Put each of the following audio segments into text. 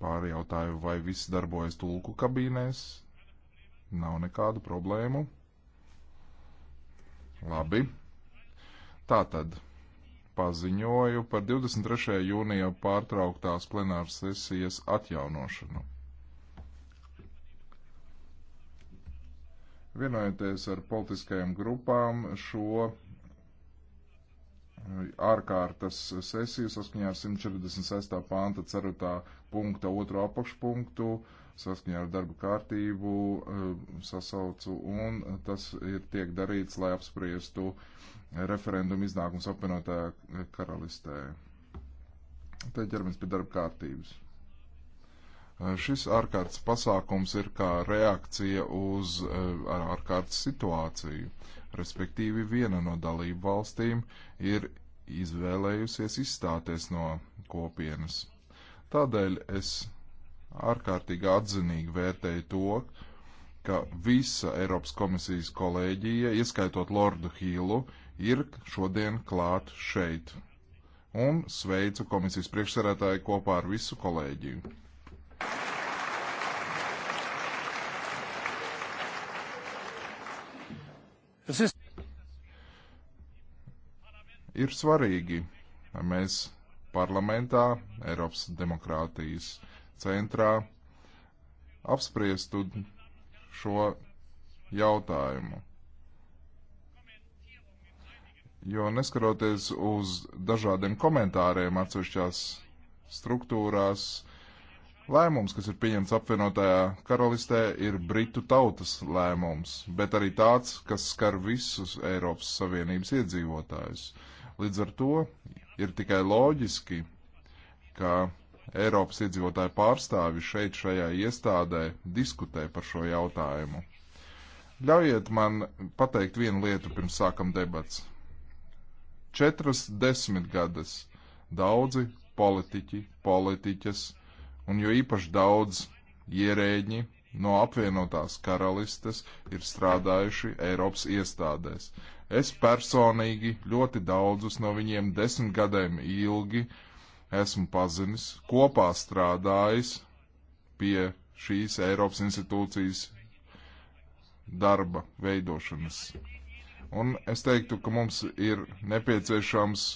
pārjautāju, vai viss darbojas tulku kabīnēs. Nav nekādu problēmu. Labi. Tātad paziņoju par 23. jūnijā pārtrauktās plenāras sesijas atjaunošanu. Vienojoties ar politiskajām grupām šo ārkārtas sesiju saskaņā ar 146. panta 4. punkta 2. apakšpunktu saskaņā ar darba kārtību eh, sasaucu, un tas ir tiek darīts, lai apspriestu referendumu iznākums apvienotajā karalistē. Te ķeramies pie darba kārtības. Eh, šis ārkārtas pasākums ir kā reakcija uz eh, ārkārtas situāciju, respektīvi viena no dalību valstīm ir izvēlējusies izstāties no kopienas. Tādēļ es ārkārtīgi atzinīgi vērtēju to, ka visa Eiropas komisijas kolēģija, ieskaitot Lordu Hīlu, ir šodien klāt šeit. Un sveicu komisijas priekšsarētāju kopā ar visu kolēģiju. Tas ir. Ir svarīgi, lai mēs parlamentā, Eiropas demokrātijas centrā apspriestu šo jautājumu. Jo neskaroties uz dažādiem komentāriem atsevišķās struktūrās, uh, Lēmums, kas ir pieņemts apvienotajā karalistē, ir Britu tautas lēmums, bet arī tāds, kas skar visus Eiropas Savienības iedzīvotājus. Līdz ar to ir tikai loģiski, ka Eiropas iedzīvotāju pārstāvi šeit šajā iestādē diskutē par šo jautājumu. Ļaujiet man pateikt vienu lietu pirms sākam debats. Četras desmitgades daudzi politiķi, politiķas un jo īpaši daudz ierēģi no apvienotās karalistes ir strādājuši Eiropas iestādēs. Es personīgi ļoti daudzus no viņiem desmit gadiem ilgi esmu pazinis, kopā strādājis pie šīs Eiropas institūcijas darba veidošanas. Un es teiktu, ka mums ir nepieciešams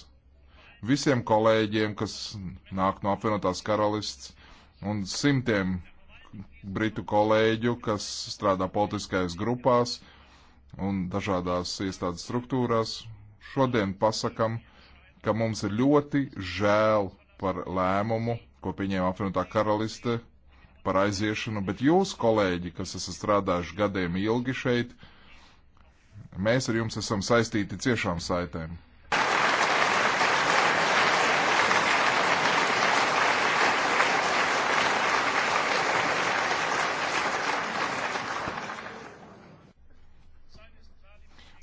visiem kolēģiem, kas nāk no apvienotās karalists, un simtiem britu kolēģu, kas strādā politiskajās grupās un dažādās iestādes struktūrās, šodien pasakam, ka mums ir ļoti žēl par lēmumu, ko pieņēma apvienotā karaliste par aiziešanu, bet jūs, kolēģi, kas esat strādājuši gadiem ilgi šeit, mēs ar jums esam saistīti ciešām saitēm.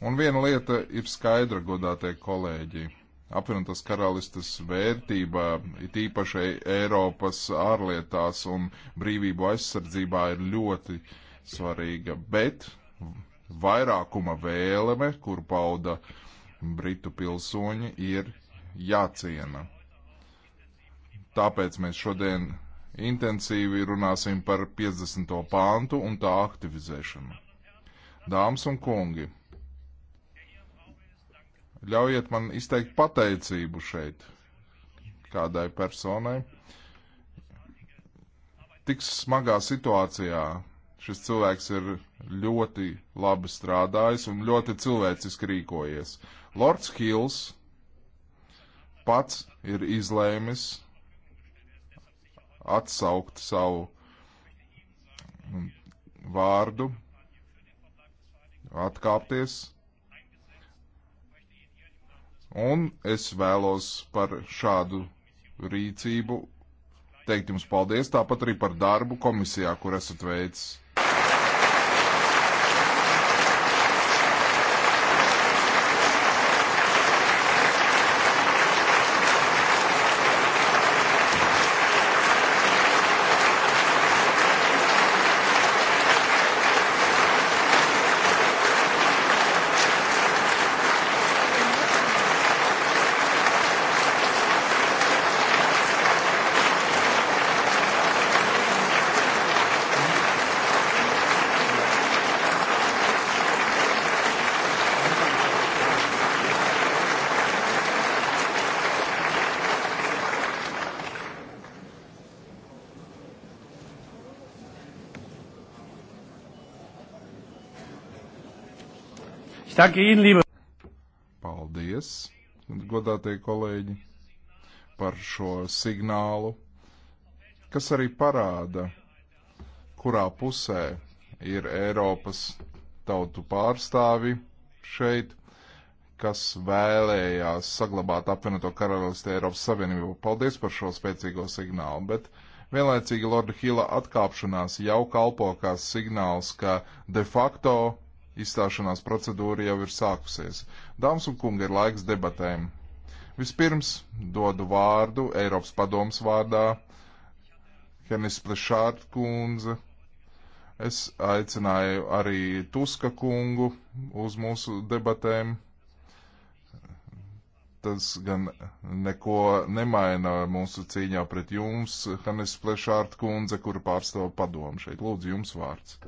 Un viena lieta ir skaidra, godātie kolēģi. Apvienotās karalistas vērtība, it īpaši Eiropas ārlietās un brīvību aizsardzībā, ir ļoti svarīga, bet vairākuma vēlme, kur pauda Britu pilsoņi, ir jāciena. Tāpēc mēs šodien intensīvi runāsim par 50. pāntu un tā aktivizēšanu. Dāmas un kungi! Ļaujiet man izteikt pateicību šeit kādai personai. Tik smagā situācijā šis cilvēks ir ļoti labi strādājis un ļoti cilvēciski rīkojies. Lords Hills pats ir izlēmis atsaukt savu vārdu, atkāpties Un es vēlos par šādu rīcību teikt jums paldies, tāpat arī par darbu komisijā, kur esat veicis. Ich danke Ihnen, liebe. Paldies, godātie kolēģi, par šo signālu, kas arī parāda, kurā pusē ir Eiropas tautu pārstāvi šeit, kas vēlējās saglabāt apvienoto karalisti Eiropas Savienību. Paldies par šo spēcīgo signālu, bet vienlaicīgi Lorda Hila atkāpšanās jau kalpo kā signāls, ka de facto Izstāšanās procedūra jau ir sākusies. Dāmas un kungi, ir laiks debatēm. Vispirms dodu vārdu Eiropas padomas vārdā Henis Plešārt kundze. Es aicināju arī Tuska kungu uz mūsu debatēm tas gan neko nemaina mūsu cīņā pret jums, Hannes Plešārt kundze, kuru pārstāv padomu šeit. Lūdzu, jums vārds.